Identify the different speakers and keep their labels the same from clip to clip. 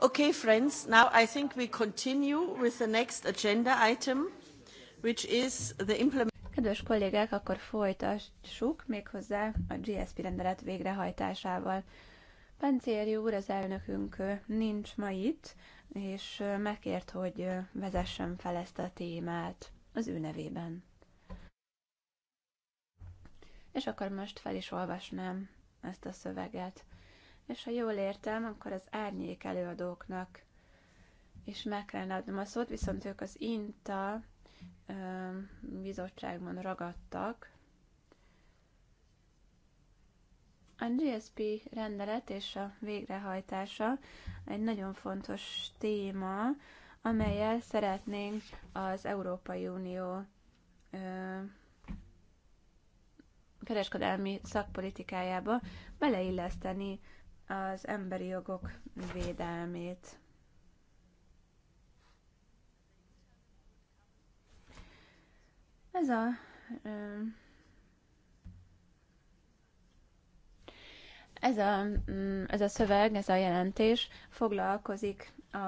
Speaker 1: Okay, friends, now I think we continue with the next agenda item, which is the implement Kedves kollégák, akkor folytassuk méghozzá a GSP rendelet végrehajtásával. Pancéri úr, az elnökünk nincs ma itt, és megkért, hogy vezessem fel ezt a témát az ő nevében. És akkor most fel is olvasnám ezt a szöveget és ha jól értem, akkor az árnyék előadóknak is meg kellene adnom a szót, viszont ők az INTA bizottságban ragadtak. A GSP rendelet és a végrehajtása egy nagyon fontos téma, amelyel szeretnénk az Európai Unió ö, kereskedelmi szakpolitikájába beleilleszteni az emberi jogok védelmét. Ez a ez a, mm, ez a szöveg, ez a jelentés foglalkozik a,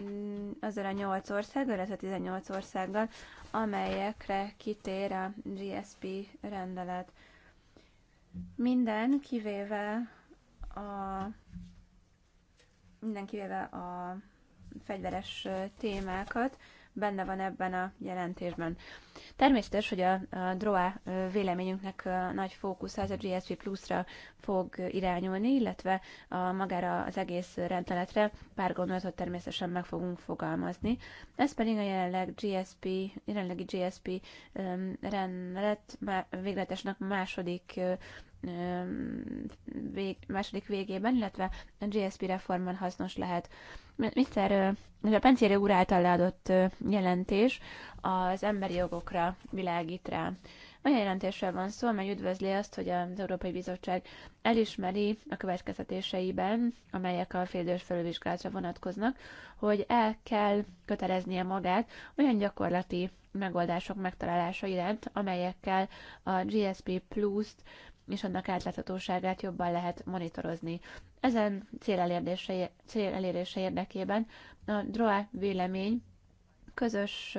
Speaker 1: mm, azzal a 8 országgal, illetve 18 országgal, amelyekre kitér a GSP rendelet. Minden, kivéve a mindenkivéve a fegyveres témákat benne van ebben a jelentésben. Természetes, hogy a, a DROA véleményünknek a nagy fókusz az a GSP Plus-ra fog irányulni, illetve a, magára az egész rendeletre pár gondolatot természetesen meg fogunk fogalmazni. Ez pedig a jelenleg GSP, jelenlegi GSP rendelet végletesnek második vég, második végében, illetve a GSP reformban hasznos lehet. Mr. a Pencéri úr által leadott jelentés az emberi jogokra világít rá. Olyan jelentésről van szó, amely üdvözli azt, hogy az Európai Bizottság elismeri a következtetéseiben, amelyek a félidős felülvizsgálatra vonatkoznak, hogy el kell köteleznie magát olyan gyakorlati megoldások megtalálása iránt, amelyekkel a GSP Plus-t és annak átláthatóságát jobban lehet monitorozni. Ezen cél elérése, cél elérése érdekében a DROA vélemény közös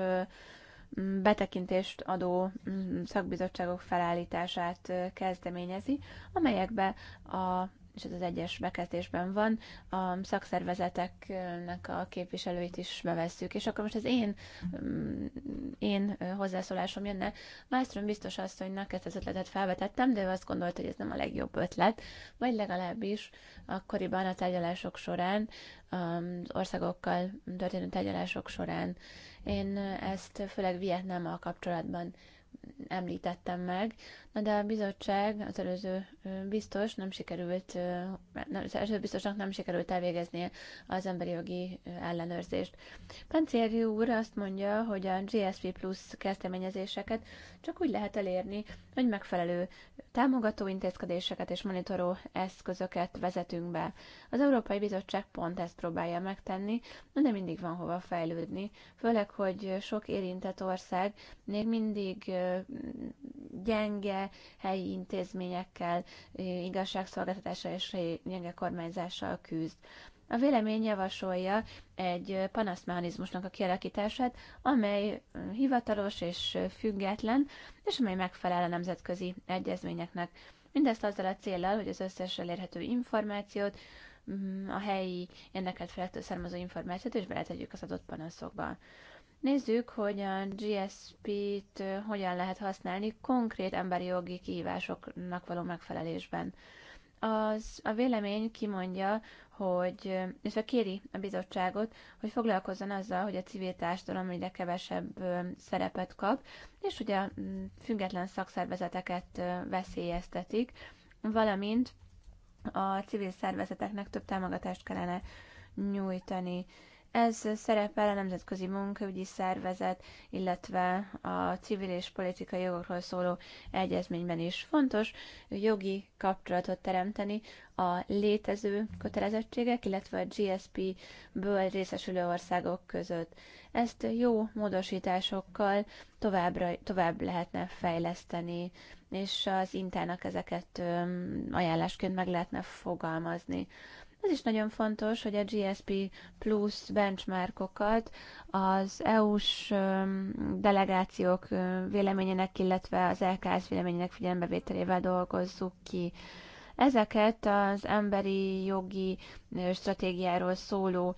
Speaker 1: betekintést adó mm, szakbizottságok felállítását kezdeményezi, amelyekbe a és ez az egyes bekezdésben van, a szakszervezeteknek a képviselőit is bevesszük. És akkor most az én, mm, én hozzászólásom jönne. Malmström biztos asszonynak ezt az ötletet felvetettem, de ő azt gondolta, hogy ez nem a legjobb ötlet, vagy legalábbis akkoriban a tárgyalások során, az országokkal történő tárgyalások során. Én ezt főleg Vietnámmal kapcsolatban említettem meg. Na de a bizottság, az előző biztos nem sikerült, az előző biztosnak nem sikerült elvégezni az emberi jogi ellenőrzést. Pancieri úr azt mondja, hogy a GSP Plus kezdeményezéseket csak úgy lehet elérni, hogy megfelelő támogató intézkedéseket és monitoró eszközöket vezetünk be. Az Európai Bizottság pont ezt próbálja megtenni, de mindig van hova fejlődni, főleg, hogy sok érintett ország még mindig gyenge helyi intézményekkel, igazságszolgáltatással és gyenge kormányzással küzd. A vélemény javasolja egy panaszmechanizmusnak a kialakítását, amely hivatalos és független, és amely megfelel a nemzetközi egyezményeknek. Mindezt azzal a célral, hogy az összes elérhető információt, mm, a helyi érdekelt felektől származó információt is beletegyük az adott panaszokba. Nézzük, hogy a GSP-t hogyan lehet használni konkrét emberi jogi kihívásoknak való megfelelésben. Az, a vélemény kimondja, hogy, a kéri a bizottságot, hogy foglalkozzon azzal, hogy a civil társadalom ide kevesebb szerepet kap, és ugye a mm, független szakszervezeteket veszélyeztetik, valamint a civil szervezeteknek több támogatást kellene nyújtani. Ez szerepel a Nemzetközi Munkaügyi Szervezet, illetve a civil és politikai jogokról szóló egyezményben is fontos jogi kapcsolatot teremteni a létező kötelezettségek, illetve a GSP-ből részesülő országok között. Ezt jó módosításokkal továbbra, tovább lehetne fejleszteni, és az intának ezeket ajánlásként meg lehetne fogalmazni. Az is nagyon fontos, hogy a GSP plus benchmarkokat az EU-s delegációk véleményének, illetve az LKS véleményének figyelembevételével dolgozzuk ki. Ezeket az emberi jogi stratégiáról szóló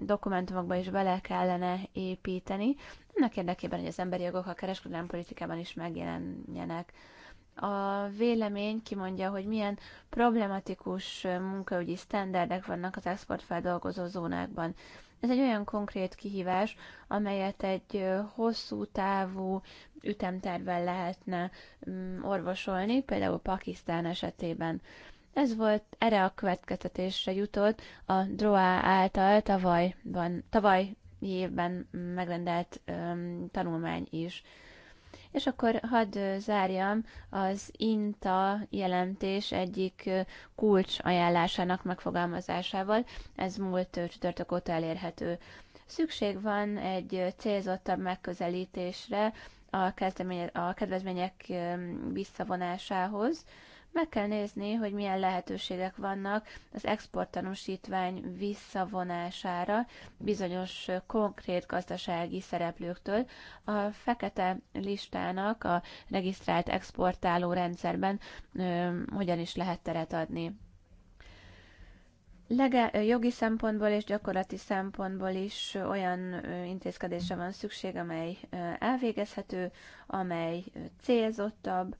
Speaker 1: dokumentumokba is bele kellene építeni, ennek érdekében, hogy az emberi jogok a kereskedelmi politikában is megjelenjenek a vélemény kimondja, hogy milyen problematikus munkaügyi sztenderdek vannak az exportfeldolgozó zónákban. Ez egy olyan konkrét kihívás, amelyet egy hosszú távú ütemtervvel lehetne mm, orvosolni, például Pakisztán esetében. Ez volt, erre a következtetésre jutott a DROA által tavalyban, tavalyi évben megrendelt um, tanulmány is. És akkor hadd zárjam az INTA jelentés egyik kulcs ajánlásának megfogalmazásával. Ez múlt csütörtök óta elérhető. Szükség van egy célzottabb megközelítésre a, a kedvezmények visszavonásához, meg kell nézni, hogy milyen lehetőségek vannak az exporttanúsítvány visszavonására bizonyos konkrét gazdasági szereplőktől. A fekete listának a regisztrált exportáló rendszerben ö, hogyan is lehet teret adni lege, jogi szempontból és gyakorlati szempontból is olyan intézkedésre van szükség, amely elvégezhető, amely célzottabb,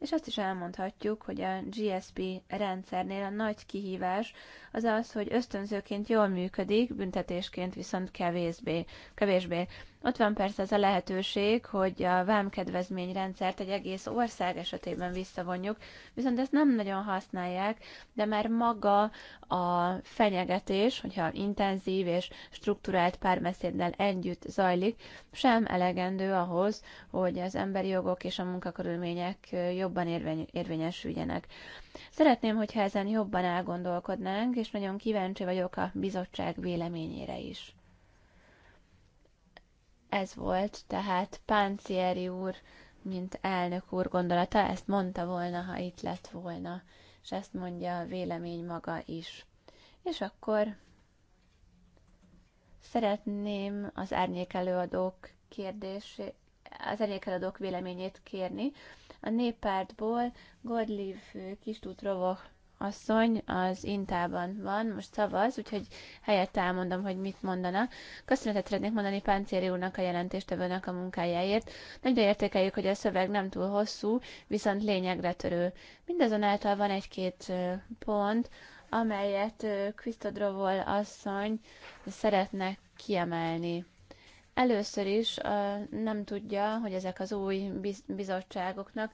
Speaker 1: és azt is elmondhatjuk, hogy a GSP rendszernél a nagy kihívás az az, hogy ösztönzőként jól működik, büntetésként viszont kevésbé. kevésbé. Ott van persze az a lehetőség, hogy a vámkedvezményrendszert egy egész ország esetében visszavonjuk, viszont ezt nem nagyon használják, de már maga a fenyegetés, hogyha intenzív és strukturált párbeszéddel együtt zajlik, sem elegendő ahhoz, hogy az emberi jogok és a munkakörülmények jobban érvény- érvényesüljenek. Szeretném, hogyha ezen jobban elgondolkodnánk, és nagyon kíváncsi vagyok a bizottság véleményére is. Ez volt tehát Páncieri úr, mint elnök úr gondolata, ezt mondta volna, ha itt lett volna, és ezt mondja a vélemény maga is. És akkor szeretném az árnyékelőadók kérdését, az elékeladók véleményét kérni. A néppártból Godliv Kistut Rovok asszony az Intában van, most szavaz, úgyhogy helyett elmondom, hogy mit mondana. Köszönetet szeretnék mondani Páncéri úrnak a jelentéstevőnek a munkájáért. Nagyon értékeljük, hogy a szöveg nem túl hosszú, viszont lényegre törő. Mindazonáltal van egy-két pont, amelyet Krisztodrovol asszony szeretne kiemelni. Először is nem tudja, hogy ezek az új bizottságoknak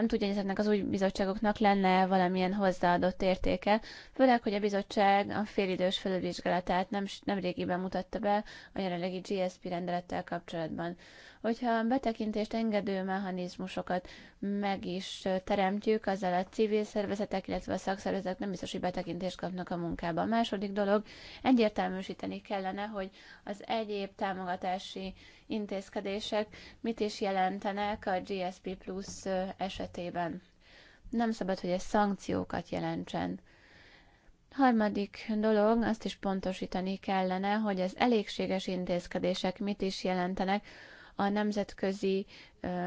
Speaker 1: nem tudja, hogy ezeknek az új bizottságoknak lenne valamilyen hozzáadott értéke, főleg, hogy a bizottság a félidős felülvizsgálatát nem, nem régiben mutatta be a jelenlegi GSP rendelettel kapcsolatban. Hogyha betekintést engedő mechanizmusokat meg is teremtjük, azzal a civil szervezetek, illetve a szakszervezetek nem biztos, hogy betekintést kapnak a munkába. A második dolog, egyértelműsíteni kellene, hogy az egyéb támogatási intézkedések mit is jelentenek a GSP Plus esetében. Nem szabad, hogy ez szankciókat jelentsen. Harmadik dolog, azt is pontosítani kellene, hogy az elégséges intézkedések mit is jelentenek a nemzetközi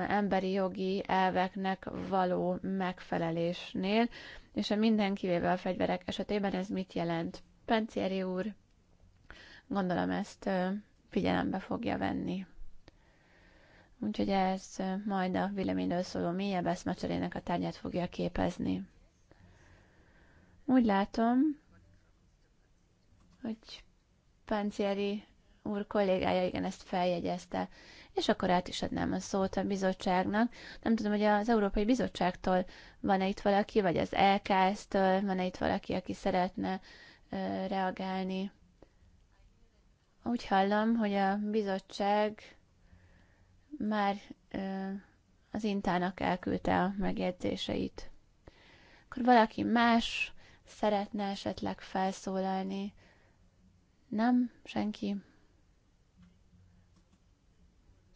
Speaker 1: emberi jogi elveknek való megfelelésnél, és a minden a fegyverek esetében ez mit jelent? Pencieri úr, gondolom ezt figyelembe fogja venni. Úgyhogy ez majd a véleményről szóló mélyebb eszmecserének a tárgyát fogja képezni. Úgy látom, hogy Pencieri úr kollégája igen ezt feljegyezte. És akkor át is adnám a szót a bizottságnak. Nem tudom, hogy az Európai Bizottságtól van-e itt valaki, vagy az LKS-től van-e itt valaki, aki szeretne ö, reagálni. Úgy hallom, hogy a bizottság már ö, az Intának elküldte a megjegyzéseit. Akkor valaki más szeretne esetleg felszólalni? Nem? Senki?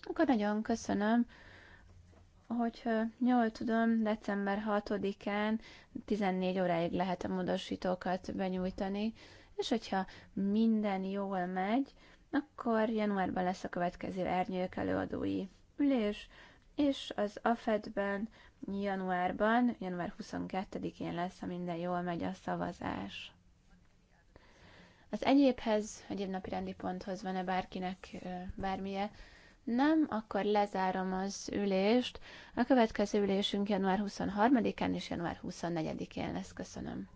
Speaker 1: Akkor nagyon köszönöm, hogy jól tudom, december 6-án 14 óráig lehet a módosítókat benyújtani, és hogyha minden jól megy, akkor januárban lesz a következő árnyék előadói ülés, és az AFED-ben januárban, január 22-én lesz, ha minden jól megy a szavazás. Az egyébhez, egyéb napi rendi ponthoz van-e bárkinek bármilyen nem, akkor lezárom az ülést. A következő ülésünk január 23-án és január 24-én lesz. Köszönöm.